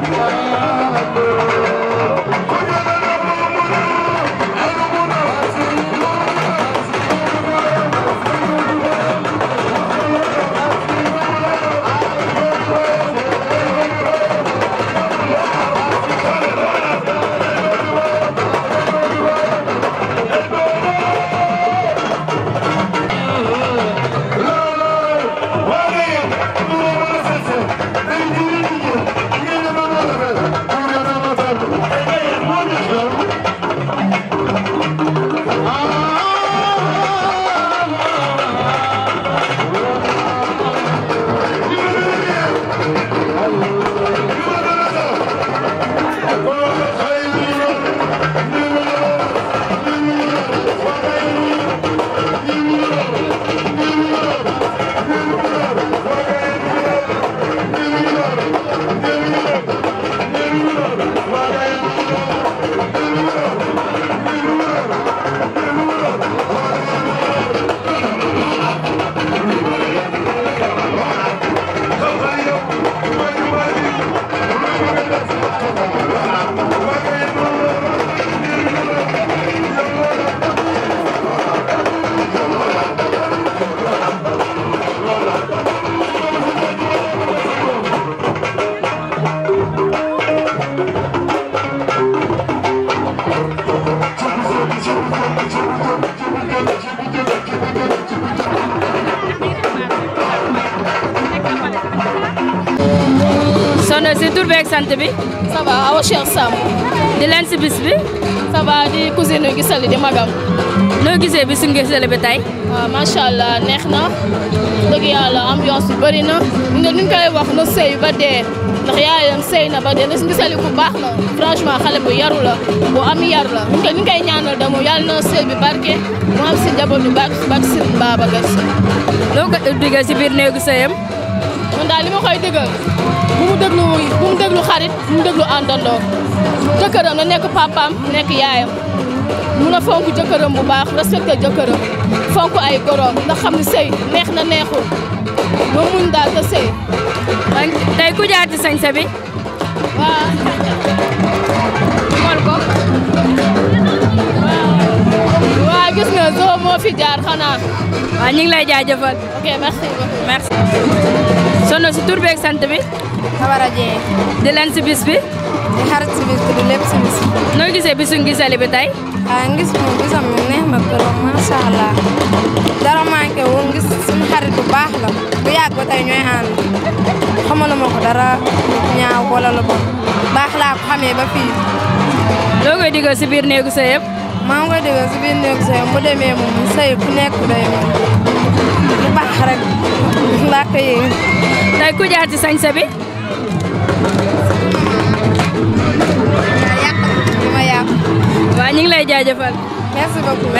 Bye. sant bi. ça va Awa Cheikh Samb. di leen si bis bi. ça di cousine gisali di magam. noo gisee bisu ngisali bi tey. waaw ah, macha allah neex na dëgg yàlla ambiance bi bëri na nga nuñ koy wax na sëy ba dee ndax yaayam sëy na ba dee ndax ngisali bu baax la franchement xale bu yaru la bu am yar la ñu koy koy ñaanal damu yàlla na sëy bi barke mu am si njaboot bi barke si barke si Babacar Si. noo ko duggee si biir néegu sëyam. daal li ma koy digal bu mu déglu mu déglu xarit bu mu déglu àndandoo jëkkëram na nekk papaam nekk yaayam mun a fonk jëkkëram bu baax respecté fonk ay goroom ndax xam sëy neex na neexul ba muñ daal te sëy tey ku jaar ci sañse bi waa mol ko waaw gis nga Zo moo fi jaar xanaa. waaw ñu ngi lay jaajëfal. ok merci beaucoup sono si tur sant bi. Awara Dieng. di lan si bis bi. di xarit si bis bi di lépp si bi. noo gisee bisu ah, ngis mu gisam mu ma trop macha dara manqué wu ngis suñu xarit baax la bu yàgg ba tey ñooy ànd xamaluma ko dara ñaaw wala lu baax laa ko xamee ba fii. loo koy digal si biir néegu sa maa ngi koy déggoo si biir néeg sëy bu demee moom ku nekk day moom lu baax rek laa ko yéen. tey ku jaar ci sañse ma yàq. waaw ñu ngi lay jaajëfal. merci beaucoup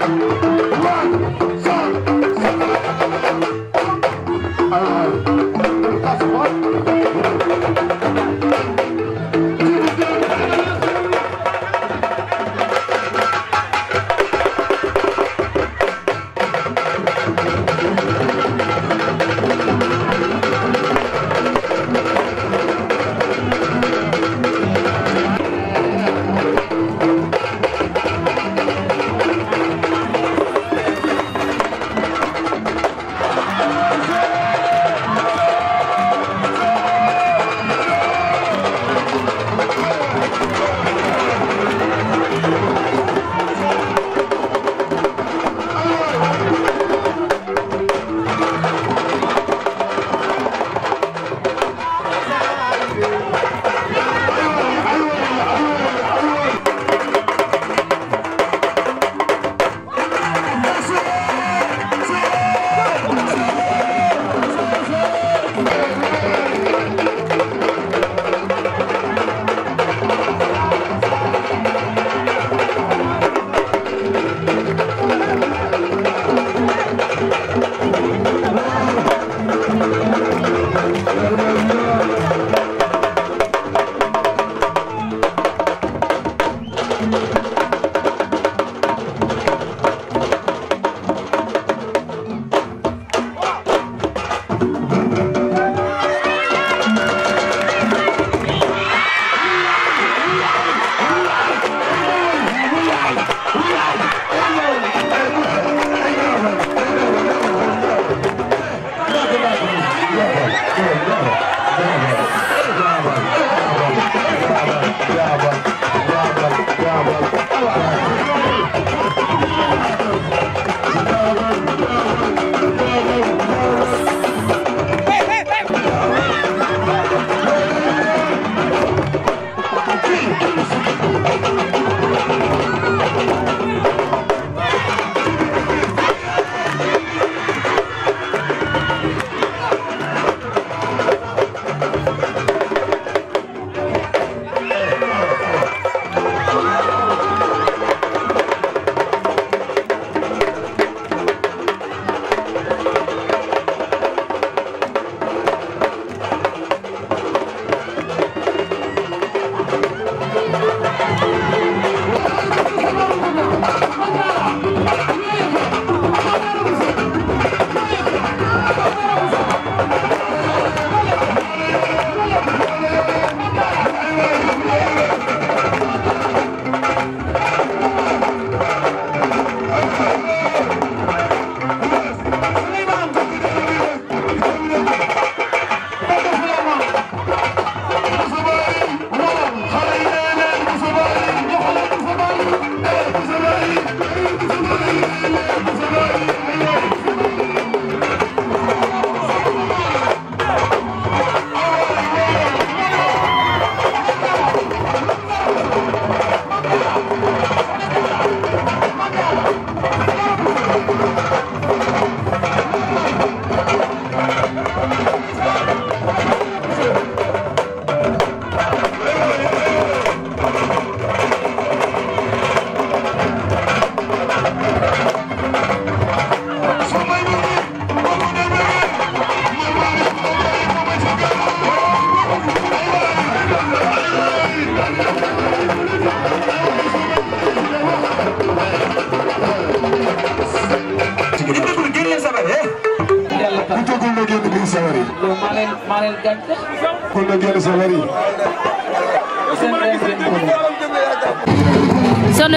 Thank you.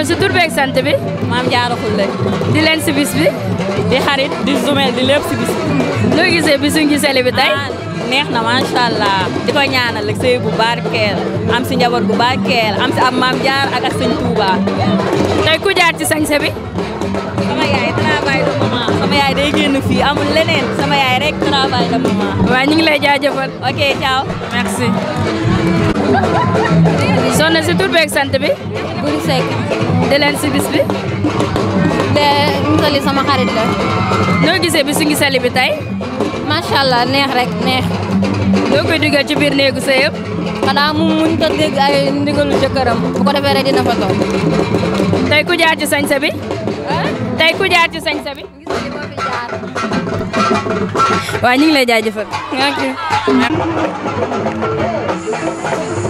ñëw si tur beeg sant bi. maam Diarra Khoule. di len si bi. di xarit di jumel di lépp si bis bi. noo gisee bisu tey. Ah, neex na macha di ko ñaanal ak sëy bu barkeel am si njaboot bu barkeel am si ab maam Diarra ak ak sëñ Touba. tey ku jaar ci sañse bi. sama yaay travail de maman sama yaay day génn fii amul leneen sama yaay rek travail de maman. waaw ñu ngi lay jaajëfal. ok ciao merci. so si tur beeg bi. Boury Seck. di leen si bis Ngisali sama la. noo gisee Ngisali bi tey. macha allah neex rek neex. noo koy dugal ci biir néegu sa yëpp. xanaa mu mun ta dégg ay ndigalu jëkkëram bu ko defee rek dina fa toog. tey ku bi. tey ñu ngi lay jaajëfal.